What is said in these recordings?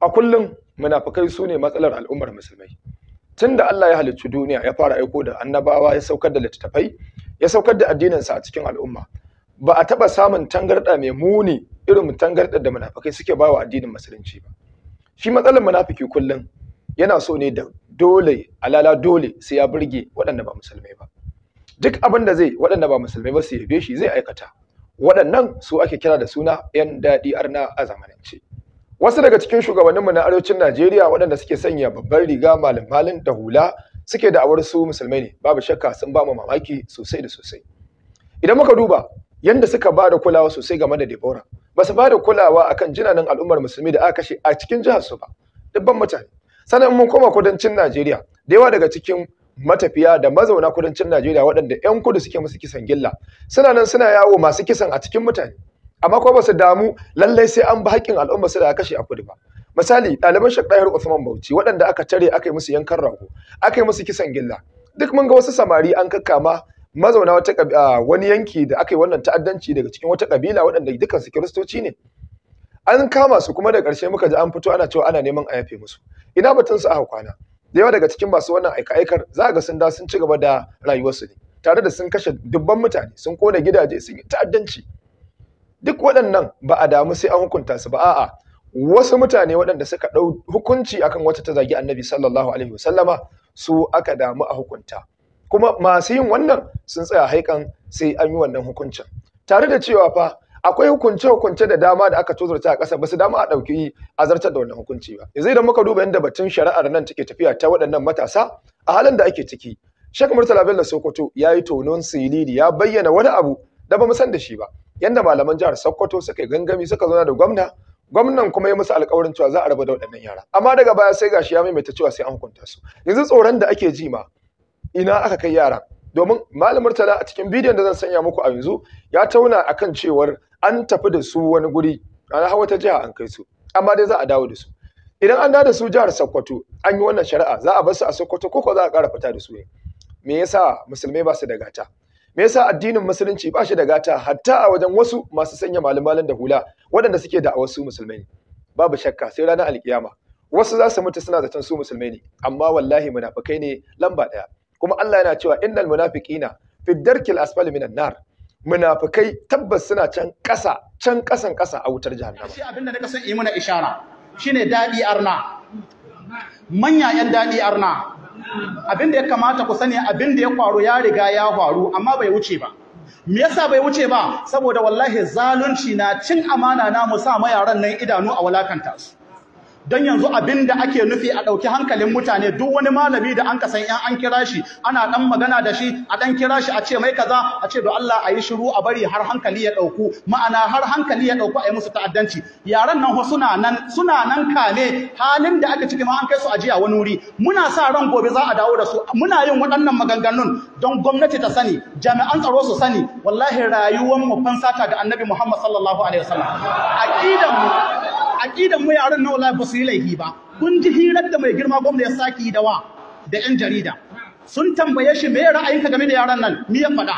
a kullum munafikai su ne matsalar al'ummar musulmai tun da Allah ya halicci duniya ya fara aiko da annabawa ya saukar da littattafai ya saukar da addininsa a cikin al'umma ba a taɓa samun tangarɗa mai muni irin tangarɗar da munafikai suke ba wa addinin musulunci ba shi matsalar munafiki kullum yana so ne da dole alala dole sai ya burge waɗanda ba musulmai ba duk abin da zai waɗanda ba musulmai ba su yabe shi zai aikata waɗannan su ake kira da suna 'yan daɗi arna a zamanance wasu daga cikin shugabanninmu na arewacin Najeriya waɗanda suke sanya babbar riga malam malin da hula suke da awar su musulmai ne babu shakka sun ba mu mamaki sosai da sosai idan muka duba yanda suka ba da kulawa sosai game da Deborah ba su ba da kulawa a akan jinanan al'ummar musulmi da aka kashe a cikin jihar su ba dubban mutane sannan mun koma kudancin Najeriya da yawa daga cikin matafiya da mazauna kudancin Najeriya waɗanda 'yan kudu suke musu kisan gilla suna nan suna yawo masu kisan a cikin mutane amma kuma ba su damu lallai sai an ba haƙƙin al'umma su da kashe a kudu ba misali ɗaliban Sheikh Dahir Usman Bauchi waɗanda aka tare aka yi musu yankan rago aka yi musu kisan gilla duk mun ga wasu samari an kakkama mazauna wata wani yanki da aka yi wannan ta'addanci daga cikin wata kabila waɗanda dukkan su kiristoci ne an kama su kuma da ƙarshe muka ji an fito ana cewa ana neman a yafe musu ina batun su aka kwana da yawa daga cikin masu wannan aika-aikar za ga sun da sun ci gaba da rayuwarsu ne tare da sun kashe dubban mutane sun kona gidaje sun yi ta'addanci duk waɗannan ba a damu sai an hukunta su ba a'a wasu mutane waɗanda suka ɗau hukunci akan wata ta zagi annabi sallallahu alaihi wasallama su aka damu a hukunta kuma masu yin wannan sun tsaya haikan sai an yi wannan hukuncin tare da cewa fa akwai hukunce hukunce da dama da aka tozarta a ƙasa ba su dama a ɗauki a da wannan hukunci ba yanzu idan muka duba yadda batun shari'ar nan take tafiya ta waɗannan matasa a halin da ake ciki Sheikh Murtala Bello Sokoto ya yi tonon silili ya bayyana wani abu da ba mu san da shi ba yanda malaman jihar Sokoto suka yi gangami suka zauna da gwamna gwamnan kuma ya musu alƙawarin cewa za a raba da waɗannan yara amma daga baya sai gashi ya maimaita cewa sai an hukunta su yanzu tsoron da ake ji ma ina aka kai yaran domin malamar tala a cikin bidiyon da zan sanya muku a yanzu ya tauna akan cewar an tafi da su wani guri ana hawa ta jiha an kai su amma dai za a dawo da su idan an dawo da su jihar Sokoto an yi wannan shari'a za a bar su a Sokoto ko ko za a ƙara fita da su ne me yasa musulmai ba su da gata me yasa addinin musulunci ba shi da gata hatta a wajen wasu masu sanya malamalan da hula waɗanda suke da wasu musulmai babu shakka sai ranar alkiyama wasu za su mutu suna zaton su musulmai ne amma wallahi munafikai ne lamba ɗaya kuma Allah yana cewa innal munafiqina fi darkil asfali minan nar munafikai tabbas suna can ƙasa can ƙasan ƙasa a wutar jahannama shi abinda na kasan yi mana ishara shine dadi arna manya yan dadi arna abin da ya kamata ku sani abin da ya faru ya riga ya faru amma bai wuce ba me yasa bai wuce ba saboda wallahi zalunci na cin amana na mu sa ma yaran nan idanu a walakanta su don yanzu abin da ake nufi a ɗauki hankalin mutane duk wani malami da an san yan an kira shi ana ɗan magana da shi a ɗan kira shi a ce mai kaza a ce da Allah a yi shiru a bari har hankali ya ɗauku ma'ana har hankali ya ɗauku a yi musu ta'addanci yaran nan suna nan suna nan kale halin da ake ciki ma an kai su ajiya wani wuri muna sa ran gobe za a dawo da su muna yin waɗannan maganganun don gwamnati ta sani jami'an tsaro su sani wallahi rayuwar mu fansata ga annabi Muhammad sallallahu alaihi wasallam aqidan mu aqidan mu yaran na wallahi basu yi laifi ba kun ji hirar da mai girma gwamna ya saki da wa da yan jarida sun tambaye shi me ra'ayinka game da yaran nan me ya faɗa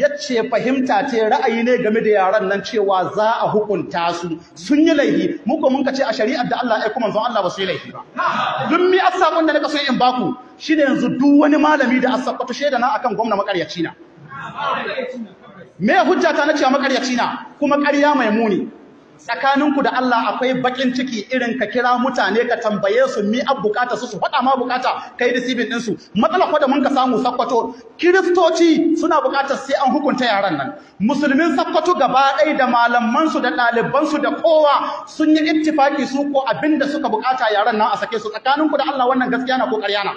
yace fahimta ce ra'ayi ne game da yaran nan cewa za a hukunta su sun yi laifi mu ko mun ce a shari'ar da Allah ya kuma manzon Allah ba su yi laifi ba duk mi asabun da na so in baku shine yanzu duk wani malami da asabatu sheda na akan gwamna makaryaci na me hujja ta na cewa makaryaci na kuma ƙarya mai muni tsakaninku da Allah akwai bakin ciki irin ka kira mutane ka tambaye su mi a bukata su su faɗa ma bukata kai da din su matsala kwa da mun ka samu sakkwato Kiristoci suna bukatar sai an hukunta yaran nan musulmin sakkwato gaba ɗaya da malaman da ɗalibansu da kowa sun yi ittifaki su ko abinda suka bukata yaran nan a sake su tsakaninku da Allah wannan gaskiya na ko ƙarya na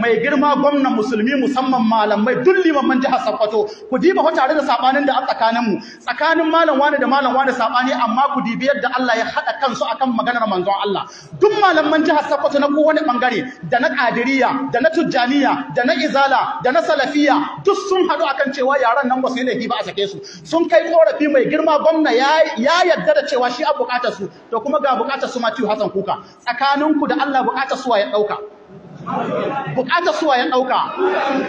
mai girma gwamna musulmi musamman malamai duk limaman jihar sakwato ku diba ho tare da sabanin da a tsakaninmu. tsakanin malam wani da malam wani sabani amma ku dibi yadda Allah ya haɗa kansu akan maganar manzon Allah duk malaman jihar sakwato na kowane bangare da na kadiriya da na Tujjaniya da na Izala da na salafiya, duk sun hadu akan cewa yaran nan ba su yi laifi ba a sake su sun kai korafi mai girma gwamna ya yadda da cewa shi a bukatar su to kuma ga bukatar su Matthew Hassan Kuka tsakaninku da Allah bukatar suwa ya ɗauka. bukatar suwa ya ɗauka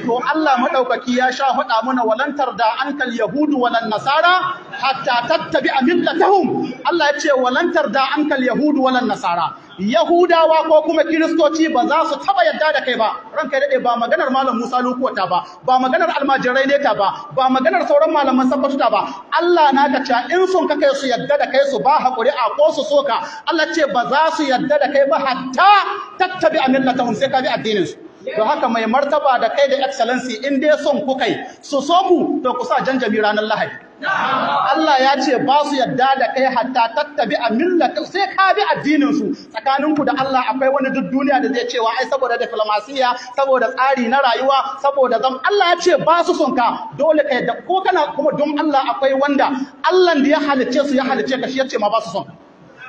to Allah maɗaukaki ya sha faɗa mana walantar da ankal yahudu walan nasara hatta tattabi a millatahum Allah ya ce walantar da ankal yahudu walan nasara Yahudawa ko kuma Kiristoci ba za su taba yadda da kai ba Ran kai daɗe ba maganar malam Musa Lukuwata ba ba maganar almajirai ne ta ba ba maganar sauran malaman sabbatu ta ba Allah na ka ca in sun kakai su yadda da kai su ba haƙuri a ko su so ka. Allah ce ba za su yadda da kai ba hatta tattabi millatahum sai ka bi addinin su to haka mai martaba da kai da excellency in dai son kukai su so ku to ku sa janjami ranar Lahadi Allah ya ce ba su yadda da kai hatta tattabi a millata sai ka bi addinin tsakaninku da Allah akwai wani duk duniya da zai cewa ai saboda diflomasiya saboda tsari na rayuwa saboda zam Allah ya ce ba su son ka dole ka yadda ko kana kuma don Allah akwai wanda Allah da ya halice su ya halice ka shi ya ce ma ba su son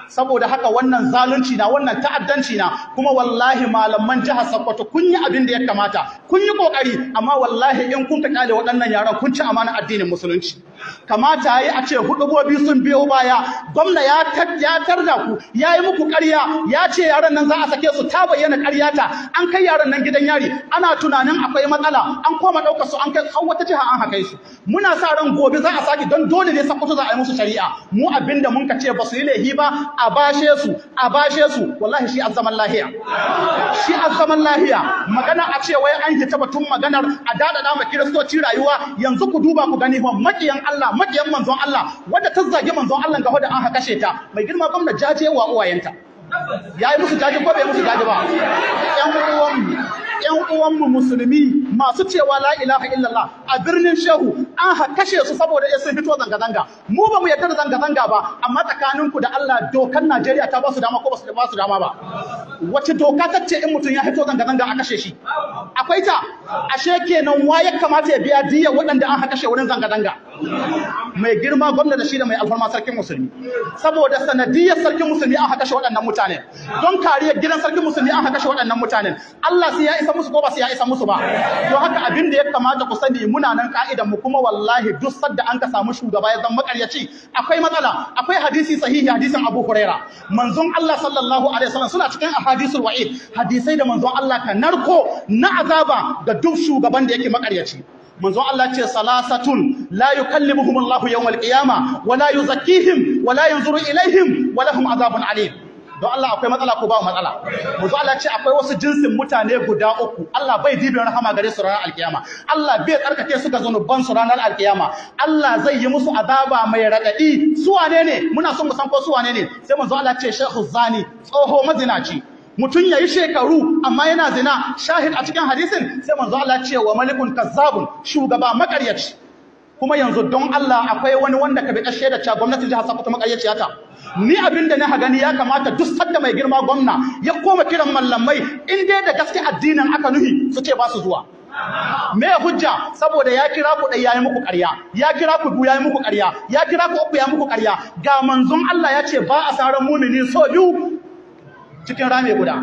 saboda haka wannan zalunci na wannan ta'addanci na kuma wallahi malaman jihar Sokoto kun yi abin da ya kamata kun yi kokari amma wallahi in kun ka kale waɗannan yaran kun ci amana addinin musulunci kamata yi a ce hudubobi sun biyo baya gwamna ya tar da ku ya yi muku ƙarya ya ce yaran nan za a sake su ta bayyana ƙarya ta an kai yaran nan gidan yari ana tunanin akwai matsala an koma ɗaukar su an kai har wata jiha an haka su muna sa ran gobe za a sake don dole ne sakkwato za a yi musu shari'a mu abinda mun ka ce ba su yi laifi ba a bashe su a bashe su wallahi shi azaman lahiya shi azzaman lahiya magana a ce wai an yi ta batun maganar a dadada ma kiristoci rayuwa yanzu ku duba ku gani ho makiyan Allah Allah majiyar manzon Allah wanda ta zage manzon Allah ga da an ha kashe ta mai girma gwamna jaje wa uwayenta yayi musu jaje ko bai musu jaje ba yan uwan yan uwan mu musulmi masu cewa la ilaha illallah a birnin shehu an kashe su saboda sun fito zanga-zanga mu ba mu yarda da zanga-zanga ba amma tsakaninku da Allah dokan Najeriya ta ba su dama ko ba su ba su dama ba wace doka ta ce in mutum ya fito zanga-zanga a kashe shi akwai ta ashe kenan wa ya kamata ya biya diya waɗanda an kashe wurin zanga-zanga mai girma gwamna da shi da mai alfarma sarkin musulmi saboda sanadiyar sarkin musulmi an kashe waɗannan mutane don kariyar gidan sarkin musulmi an kashe waɗannan mutanen Allah sai ya isa musu ko ba sai ya isa musu ba don haka abin da ya kamata ku sani muna nan ka'idan mu kuma wallahi duk sadda an ka samu shugaba ya zama makaryaci akwai matsala akwai hadisi sahihi hadisin Abu Huraira manzon Allah sallallahu alaihi wasallam suna cikin ahadisul wa'id hadisai da manzon Allah ka narko na azaba da duk shugaban da yake makaryaci Manzon Allah ce salasatun la kalli Allah yawm kiyama, qiyama wa la yuzakkihim wala la yanzuru ilaihim wala lahum azabun alim don Allah akwai matsala ko ba matsala zo Allah ce akwai wasu jinsin mutane guda uku Allah bai dibin rahama gare su ranar alkiyama Allah bai tsarkake su ga zanuban su ranar alkiyama Allah zai yi musu azaba mai raɗaɗi. su wane ne muna son mu san ko su wane ne sai zo Allah ce shehu zani tsoho mazinaci mutum yi shekaru amma yana zina shahid a cikin hadisin sai zo Allah ce wa malikun kazzabun shugaba makaryaci kuma yanzu don Allah akwai wani wanda ka bi kashe da ta gwamnatin jihar Sokoto makaryaci ta ni abin da na gani ya kamata duk sanda mai girma gwamna ya koma kiran mallamai in dai da gaske addinin aka nuhi su ce ba su zuwa me hujja saboda ya kira ku dai yayi muku ƙarya ya kira ku biyu yayi muku ƙarya ya kira ku uku yayi muku ƙarya ga manzon Allah ya ce ba a saran mumini so biyu cikin rame guda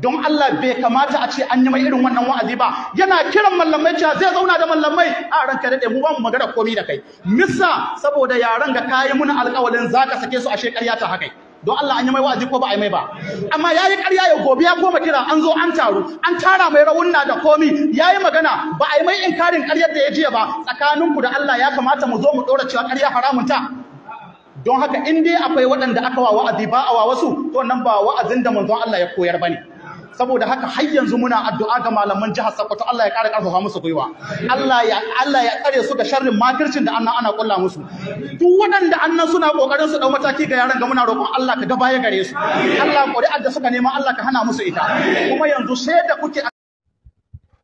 don Allah bai kamata a ce an yi mai irin wannan wa'azi ba yana kiran mallamai cewa zai zauna da mallamai a ranka dade mu ba mu magana komai da kai Misa saboda yaran ga kayi mun alƙawalin zaka sake su a shekarya ta haka don Allah an yi mai wa'azi ko ba a yi mai ba amma yayi ƙarya ya gobe ya koma kira an zo an taru an tara mai rawunna da komai yayi magana ba a yi mai inkarin ƙaryar da ya jiya ba tsakaninku da Allah ya kamata mu zo mu ɗora cewa ƙarya haramun ta don haka in dai akwai waɗanda aka wa wa'azi ba a wa wasu to nan ba wa'azin da manzon Allah ya koyar bane saboda haka har yanzu muna addu'a ga malaman jihar Sokoto Allah ya ƙara ƙarfafa musu gwiwa Allah ya Allah ya kare su ga sharrin makircin da annan ana kulla musu duk waɗanda annan suna kokarin su dau mataki ga yaran ga muna roƙon Allah ka gaba ya gare su Allah ƙuri'ar da suka nema Allah ka hana musu ita kuma yanzu sai da kuke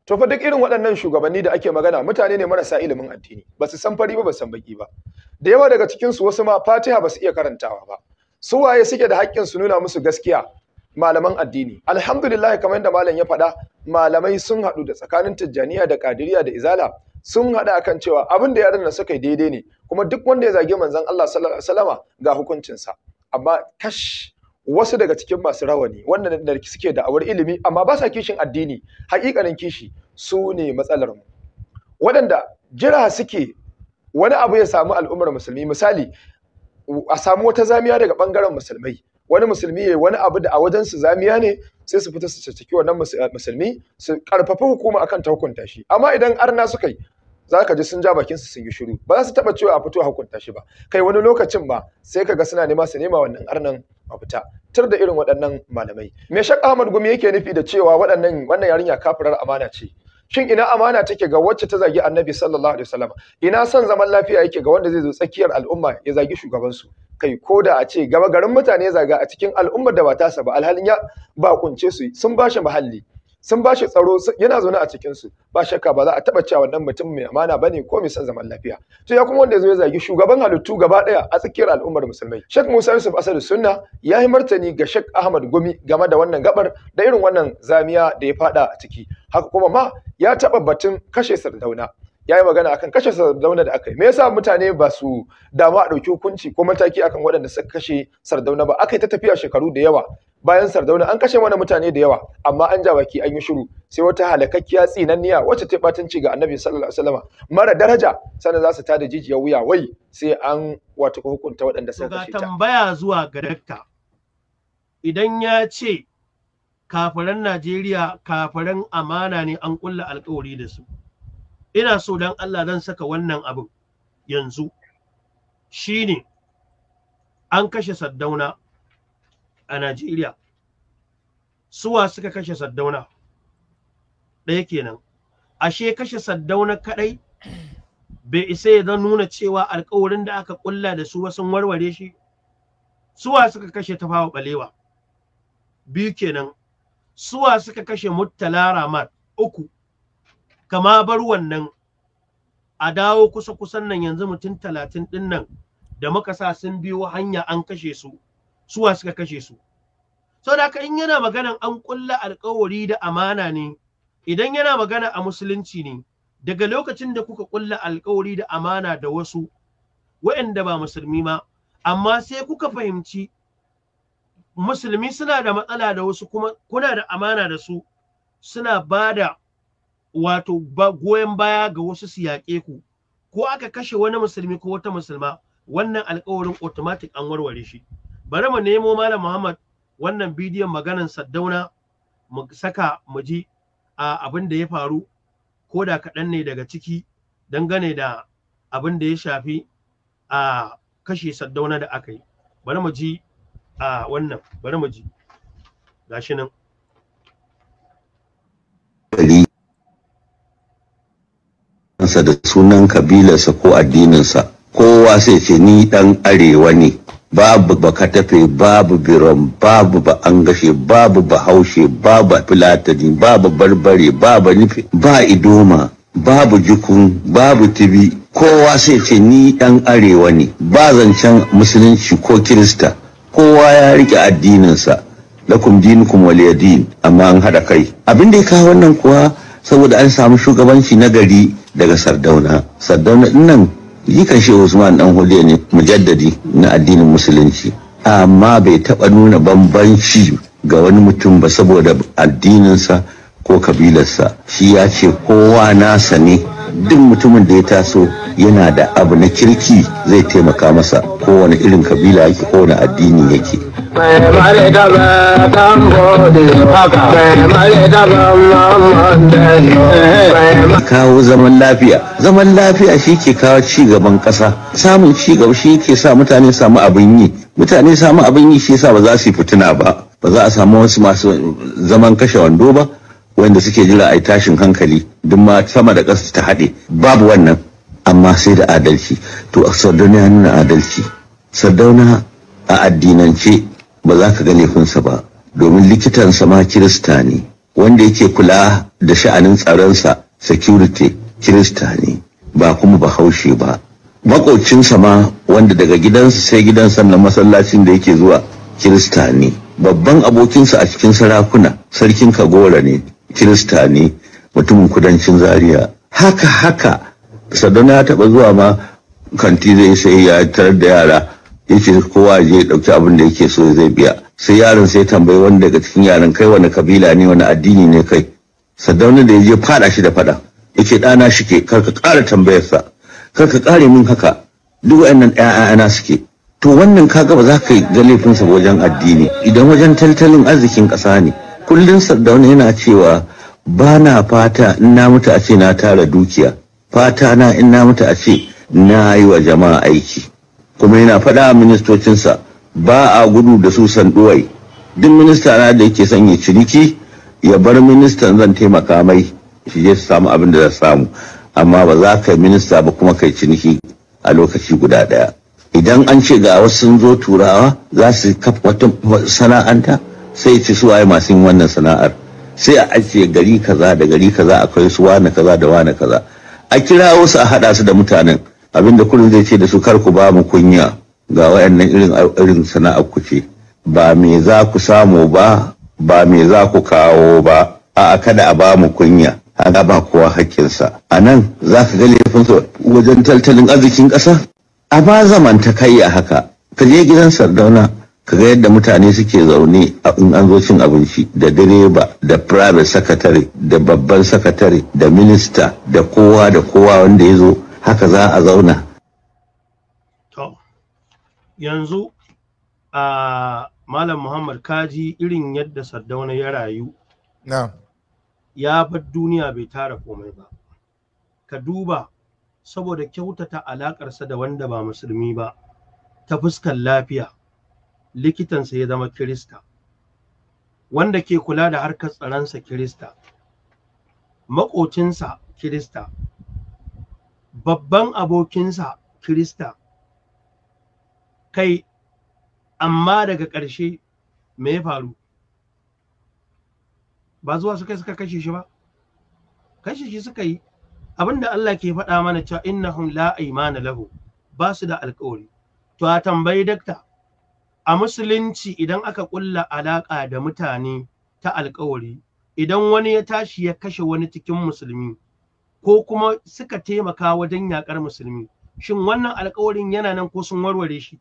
to fa duk irin waɗannan shugabanni da ake magana mutane ne marasa ilimin addini ba su san fari ba ba san baki ba da yawa daga cikin su wasu ma Fatiha ba su iya karantawa ba su waye suke da haƙƙin su nuna musu gaskiya malaman addini alhamdulillah kamar yadda malam ya faɗa malamai sun haɗu da tsakanin tijjaniya da kadiriya da izala sun haɗa akan cewa abin da yaran nan suka yi daidai ne kuma duk wanda ya zage manzon Allah sallallahu alaihi wasallama ga hukuncinsa amma kash wasu daga cikin masu rawani wanda da suke da awar ilimi amma ba sa kishin addini haƙiƙanin kishi su ne matsalar mu waɗanda jira suke wani abu ya samu al'ummar musulmi misali a samu wata zamiya daga ɓangaren musulmai wani musulmi yayi wani abu da a wajen su zamiya ne sai su fita su caccaki wannan eh, musulmi su karfafa hukuma akan ta hukunta shi amma idan arna suka yi za ka ji sun ja bakin su sun yi shiru ba za su taba cewa a fito a hukunta shi ba kai wani lokacin ba sai ka ga suna nema su nema wannan arnan a fita tar da irin waɗannan malamai me shak Ahmad Gumi yake nufi da cewa waɗannan wannan yarinya kafirar amana ce shin ina amana take ga wacce ta zagi Annabi sallallahu alaihi wasallam ina son zaman lafiya yake ga wanda zai zo tsakiyar al'umma ya zagi shugabansu kai ko da a ce gaba garin mutane zaga a cikin al'ummar da ba tasa ba alhalin ya ba kunce su sun ba shi muhalli sun ba shi tsaro yana zaune a cikin su ba shakka ba za a taba cewa wannan mutum mai amana bane ko mai son zaman lafiya to ya kuma wanda zo ya zagi shugaban halittu gaba daya a tsakiyar al'ummar musulmai Sheikh Musa Yusuf Asadu Sunna ya yi martani ga Sheikh Ahmad Gumi game da wannan gabar da irin wannan zamiya da ya fada a ciki haka kuma ma ya taba batun kashe Sardauna ya yi magana akan kashe sardauna da aka yi me yasa mutane ba su damu a ɗauki hukunci ko mataki akan waɗanda suka kashe sardauna ba aka yi ta tafiya shekaru da yawa bayan sardauna an kashe wani mutane da yawa amma an ja baki an yi shiru sai wata halakakkiya tsinanniya wacce ta batanci ga annabi sallallahu alaihi wasallam mara daraja sannan za su da jijiyar wuya wai sai an wato hukunta waɗanda suka kashe ta tambaya zuwa Garekta, idan ya ce kafiran Najeriya kafiran amana ne an kulla alƙawari da su ina so dan Allah zan saka wannan abin yanzu shine an kashe saddauna a Najeriya suwa suka kashe saddauna ɗaya kenan ashe kashe saddauna kaɗai. bai isa ya zan nuna cewa alkawarin da aka kulla da su sun warware shi suwa suka kashe tafawa balewa biyu kenan suwa suka kashe muttala ramar uku kama bar wannan a dawo kusa kusan nan yanzu mutum talatin din nan da muka sa sun biyo hanya an kashe su suwa suka kashe su sau da in yana maganan an ƙulla alkawari da amana ne idan yana magana a musulunci ne daga lokacin da kuka ƙulla alkawari da amana da wasu waɗanda ba musulmi ma amma sai kuka fahimci musulmi suna da matsala da wasu kuma kuna da amana da su suna ba da wato goyon baya ga wasu su yaƙe ku ko aka kashe wani musulmi ko wata musulma wannan alƙawarin automatic an warware shi bari mu nemo malam muhammad wannan bidiyon maganan saddauna mu saka mu ji a abin da ya faru ko da kaɗan ne daga ciki dangane da abin da ya shafi a kashe saddauna da aka yi bari mu ji a wannan bari mu ji gashi nan kansa da sunan kabilarsa ko addininsa kowa sai ce ni dan arewa ne babu bakatafe babu biron babu ba an gashe babu bahaushe babu filatani babu barbare babu nufi ba idoma babu jikun babu tibi kowa sai ce ni dan arewa ne ba zancen musulunci ko kirista kowa ya rike addininsa lakum dinukum waliyadin amma an hada kai abin da ya kawo wannan kuwa saboda an samu shugabanci na gari daga sardauna sardauna nan yikan shi usman dan huliya ne mujaddadi na addinin musulunci amma bai taba nuna bambanci ga wani mutum ba saboda addininsa ko kabilarsa shi ya ce kowa nasa ne duk mutumin da ya taso yana da abu na kirki zai taimaka masa kowane irin kabila yake kowane addini yake kawo zaman lafiya zaman lafiya shi ke kawo ci gaban ƙasa samun ci gaba shi ke sa mutane samu abin yi mutane samu abin yi shi sa ba za su yi fituna ba ba za a samu wasu masu zaman kashe wando ba wanda suke jira a yi tashin hankali duk ma sama da ƙasa ta haɗe babu wannan amma sai da adalci to a sardauna ya nuna adalci sardauna a addinance ba za ka ga laifinsa ba domin likitan sama kirista ne wanda yake kula da sha'anin tsaronsa security kirista ne ba kuma bahaushe ba makocinsa ma wanda daga gidansa sai gidansa na masallacin da yake zuwa kirista ne babban abokinsa a cikin sarakuna sarkin kagora ne kirista ne mutumin kudancin zaria haka haka sadana ya taɓa zuwa ma kanti zai sai ya tarar da yara ya ce kowa ya ɗauki abin da yake so zai biya sai yaron sai tambayi wani daga cikin yaran kai wani kabila ne wani addini ne kai sadauna da ya je fada shi da fada yace ɗana shi ke kar ka ƙara tambayarsa kar ka ƙare min haka duk wa'annan ɗaya'ana suke to wannan ka gaba za ka yi ga laifinsa wajen addini idan wajen tattalin arzikin ƙasa ne kullum sardauna yana cewa ba na fata in na mutu a ce na tara dukiya fata na in na mutu a ce na yi wa jama'a aiki kuma yana faɗa ministocinsa ba a gudu da su sanduwai duk minista na da yake son ya ciniki ya bar ministan zan taimaka mai shi je su samu abin da za samu amma ba za ka yi minista ba kuma kai ciniki a lokaci guda ɗaya idan an ce ga wasu sun zo turawa za su kafa sana'anta sai ci su waye masu yin wannan sana'ar sai a ajiye gari kaza da gari kaza akwai su wane kaza da wane kaza a kira wasu a haɗa su da mutanen abinda kullum zai ce da su kar ku ba mu kunya ga wayannan irin irin sana'ar ku ce ba me za ku samu ba ba me za ku kawo ba a'a kada a ba mu kunya haka ba kowa hakkinsa a nan za ka ga laifinsa wajen tattalin arzikin ƙasa a ba zaman ta kai a haka ka je gidan sardauna ka ga yadda mutane suke zaune a in an zo cin abinci da direba da private secretary da babban secretary da minista da kowa da kowa wanda ya zo haka za a zauna to yanzu a malam muhammad kaji irin yadda sardauna ya rayu ya bar duniya bai tara komai ba ka duba saboda kyautata alaƙarsa da wanda ba musulmi ba ta fuskan lafiya likitansa ya zama kirista wanda ke kula da harkar tsaronsa kirista maƙocinsa kirista babban abokinsa Kirista. Kai, amma daga ƙarshe me ya faru? Ba zuwa suka suka kashe shi ba? Kashe shi suka yi, abinda Allah ke faɗa mana cewa innahum la imana lahu ba su da alƙawari. To a tambayi dakta, a musulunci idan aka ƙulla alaƙa da mutane ta alƙawari, idan wani ya tashi ya kashe wani cikin musulmi, ko kuma suka taimaka wajen yakar musulmi shin wannan alkawarin yana nan ko sun warware shi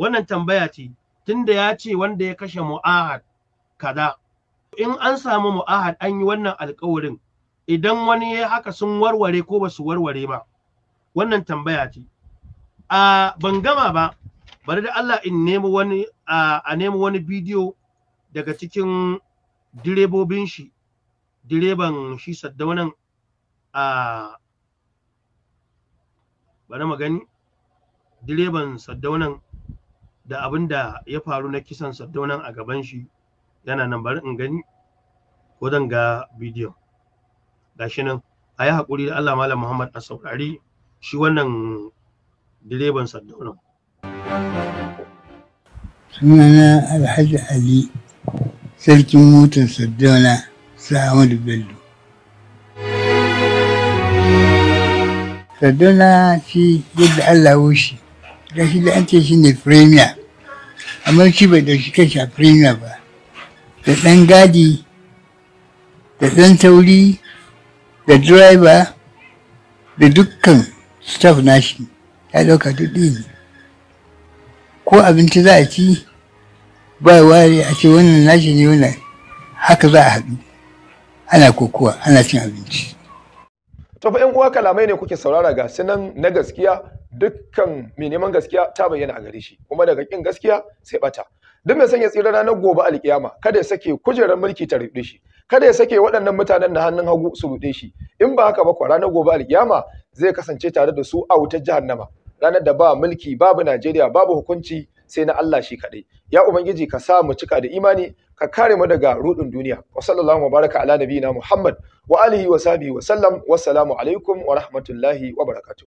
wannan tambaya ce tunda ya ce wanda ya kashe mu'ahad kaza in an samu mu'ahad an yi wannan alkawarin idan wani ya haka sun warware ko ba su warware ba wannan tambaya ce a ban gama ba bari da Allah in nemo wani a nemo wani bidiyo daga cikin direbobin shi direban shi saddaunan wannan a bari mu gani direban saddaunan da abin da ya faru na kisan saddaunan a gaban shi yana nan bari in gani ko zan ga bidiyon gashi nan a yi haƙuri da Allah Malam Muhammad a saurari shi wannan direban saddaunan. sunana alhaji ali sarkin motar saddauna sa'amadu bello na shi yadda Allah wushi, da shi da ance shi ne premier, amma shi bai da shi a premier ba, da ɗan gadi, da ɗan tauri, da driver, da dukkan staff nashi, ya ɗauka duɗi ne. Ko abinci za a ci, ba ware a ce wannan nashi ne wannan, haka za a haɗu, ana kokowa, ana cin abinci. to fa ƴan uwa kalamai ne kuke saurara ga sunan na gaskiya dukkan mai neman gaskiya ta bayyana a gare shi kuma daga kin gaskiya sai bata duk mai sanya tsira ranar gobe alkiyama kada ya sake kujerar mulki ta ruɗe shi kada ya sake waɗannan mutanen na hannun hagu su ruɗe shi in ba haka ba kwa ranar gobe alkiyama zai kasance tare da su a wutar jahannama ranar da ba mulki babu Najeriya babu hukunci sai na Allah shi kaɗai. Ya Ubangiji ka sa mu cika da imani ka kare mu daga rudin duniya wa sallallahu baraka ala nabiyina muhammad wa alihi wa sahbihi wa sallam wassalamu alaikum wa rahmatullahi wa barakatuh